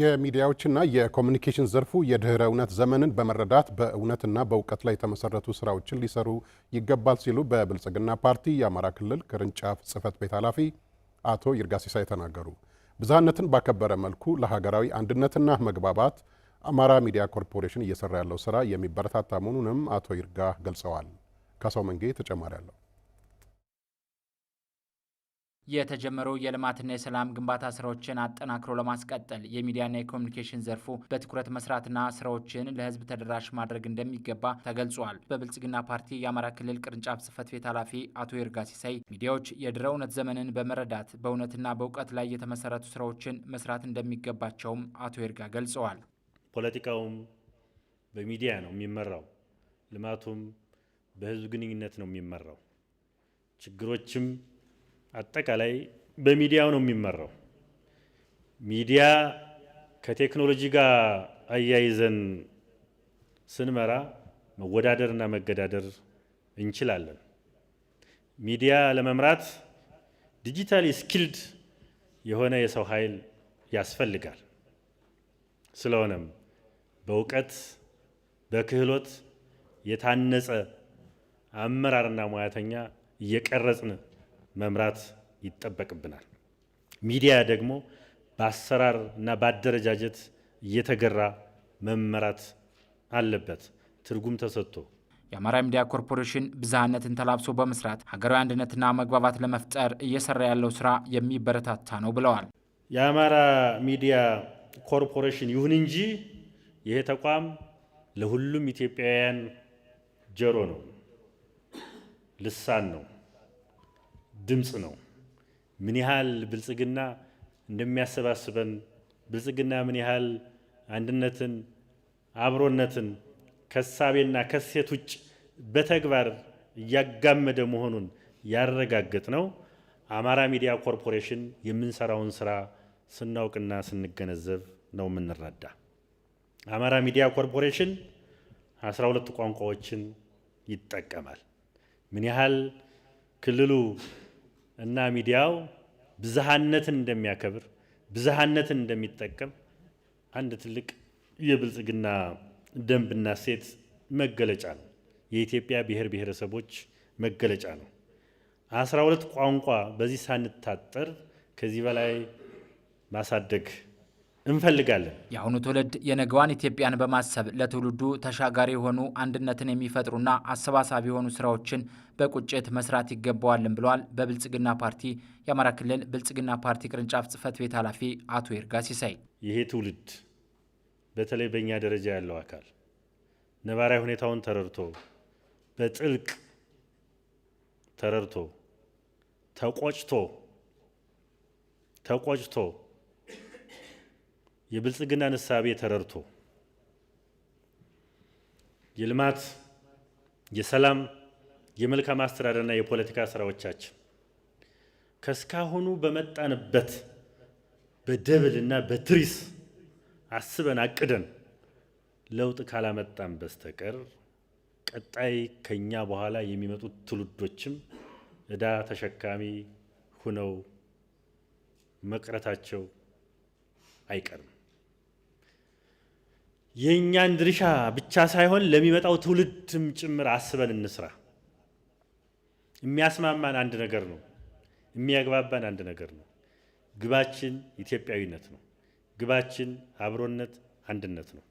የሚዲያዎችና የኮሚኒኬሽን ዘርፉ የድህረ እውነት ዘመንን በመረዳት በእውነትና በእውቀት ላይ የተመሰረቱ ስራዎችን ሊሰሩ ይገባል ሲሉ በብልጽግና ፓርቲ የአማራ ክልል ቅርንጫፍ ጽህፈት ቤት ኃላፊ አቶ ይርጋ ሲሳይ ተናገሩ። ብዝሃነትን ባከበረ መልኩ ለሀገራዊ አንድነትና መግባባት አማራ ሚዲያ ኮርፖሬሽን እየሰራ ያለው ስራ የሚበረታታ መሆኑንም አቶ ይርጋ ገልጸዋል። ከሰው መንጌ ተጨማሪ አለው። የተጀመረው የልማትና የሰላም ግንባታ ስራዎችን አጠናክሮ ለማስቀጠል የሚዲያና የኮሚኒኬሽን ዘርፉ በትኩረት መስራትና ስራዎችን ለህዝብ ተደራሽ ማድረግ እንደሚገባ ተገልጿል። በብልጽግና ፓርቲ የአማራ ክልል ቅርንጫፍ ጽህፈት ቤት ኃላፊ አቶ ይርጋ ሲሳይ ሚዲያዎች የድረ እውነት ዘመንን በመረዳት በእውነትና በእውቀት ላይ የተመሰረቱ ስራዎችን መስራት እንደሚገባቸውም አቶ ይርጋ ገልጸዋል። ፖለቲካውም በሚዲያ ነው የሚመራው። ልማቱም በህዝብ ግንኙነት ነው የሚመራው። ችግሮችም አጠቃላይ በሚዲያው ነው የሚመራው። ሚዲያ ከቴክኖሎጂ ጋር አያይዘን ስንመራ መወዳደርና መገዳደር እንችላለን። ሚዲያ ለመምራት ዲጂታሊ ስኪልድ የሆነ የሰው ኃይል ያስፈልጋል። ስለሆነም በእውቀት በክህሎት የታነጸ አመራርና ሙያተኛ እየቀረጽን መምራት ይጠበቅብናል። ሚዲያ ደግሞ በአሰራር እና በአደረጃጀት እየተገራ መመራት አለበት ትርጉም ተሰጥቶ። የአማራ ሚዲያ ኮርፖሬሽን ብዝሃነትን ተላብሶ በመስራት ሀገራዊ አንድነትና መግባባት ለመፍጠር እየሰራ ያለው ስራ የሚበረታታ ነው ብለዋል። የአማራ ሚዲያ ኮርፖሬሽን ይሁን እንጂ ይሄ ተቋም ለሁሉም ኢትዮጵያውያን ጆሮ ነው፣ ልሳን ነው። ድምፅ ነው። ምን ያህል ብልጽግና እንደሚያሰባስበን ብልጽግና ምን ያህል አንድነትን፣ አብሮነትን ከሳቤና ከሴት ውጭ በተግባር እያጋመደ መሆኑን ያረጋገጥ ነው። አማራ ሚዲያ ኮርፖሬሽን የምንሰራውን ስራ ስናውቅና ስንገነዘብ ነው የምንረዳ። አማራ ሚዲያ ኮርፖሬሽን 12 ቋንቋዎችን ይጠቀማል። ምን ያህል ክልሉ እና ሚዲያው ብዝሃነትን እንደሚያከብር ብዝሃነትን እንደሚጠቀም አንድ ትልቅ የብልጽግና ደንብና ሴት መገለጫ ነው። የኢትዮጵያ ብሔር ብሔረሰቦች መገለጫ ነው። አስራ ሁለት ቋንቋ በዚህ ሳንታጠር ከዚህ በላይ ማሳደግ እንፈልጋለን። የአሁኑ ትውልድ የነገዋን ኢትዮጵያን በማሰብ ለትውልዱ ተሻጋሪ የሆኑ አንድነትን የሚፈጥሩና አሰባሳቢ የሆኑ ስራዎችን በቁጭት መስራት ይገባዋልን ብለዋል በብልጽግና ፓርቲ የአማራ ክልል ብልጽግና ፓርቲ ቅርንጫፍ ጽህፈት ቤት ኃላፊ አቶ ይርጋ ሲሳይ። ይሄ ትውልድ በተለይ በእኛ ደረጃ ያለው አካል ነባራዊ ሁኔታውን ተረድቶ በጥልቅ ተረድቶ ተቆጭቶ ተቆጭቶ የብልጽግና ንሳቤ ተረድቶ የልማት፣ የሰላም፣ የመልካም አስተዳደርና የፖለቲካ ስራዎቻችን ከስካሁኑ በመጣንበት በደብል እና በትሪስ አስበን አቅደን ለውጥ ካላመጣን በስተቀር ቀጣይ ከኛ በኋላ የሚመጡት ትውልዶችም እዳ ተሸካሚ ሁነው መቅረታቸው አይቀርም። የእኛን ድርሻ ብቻ ሳይሆን ለሚመጣው ትውልድም ጭምር አስበን እንስራ። የሚያስማማን አንድ ነገር ነው። የሚያግባባን አንድ ነገር ነው። ግባችን ኢትዮጵያዊነት ነው። ግባችን አብሮነት፣ አንድነት ነው።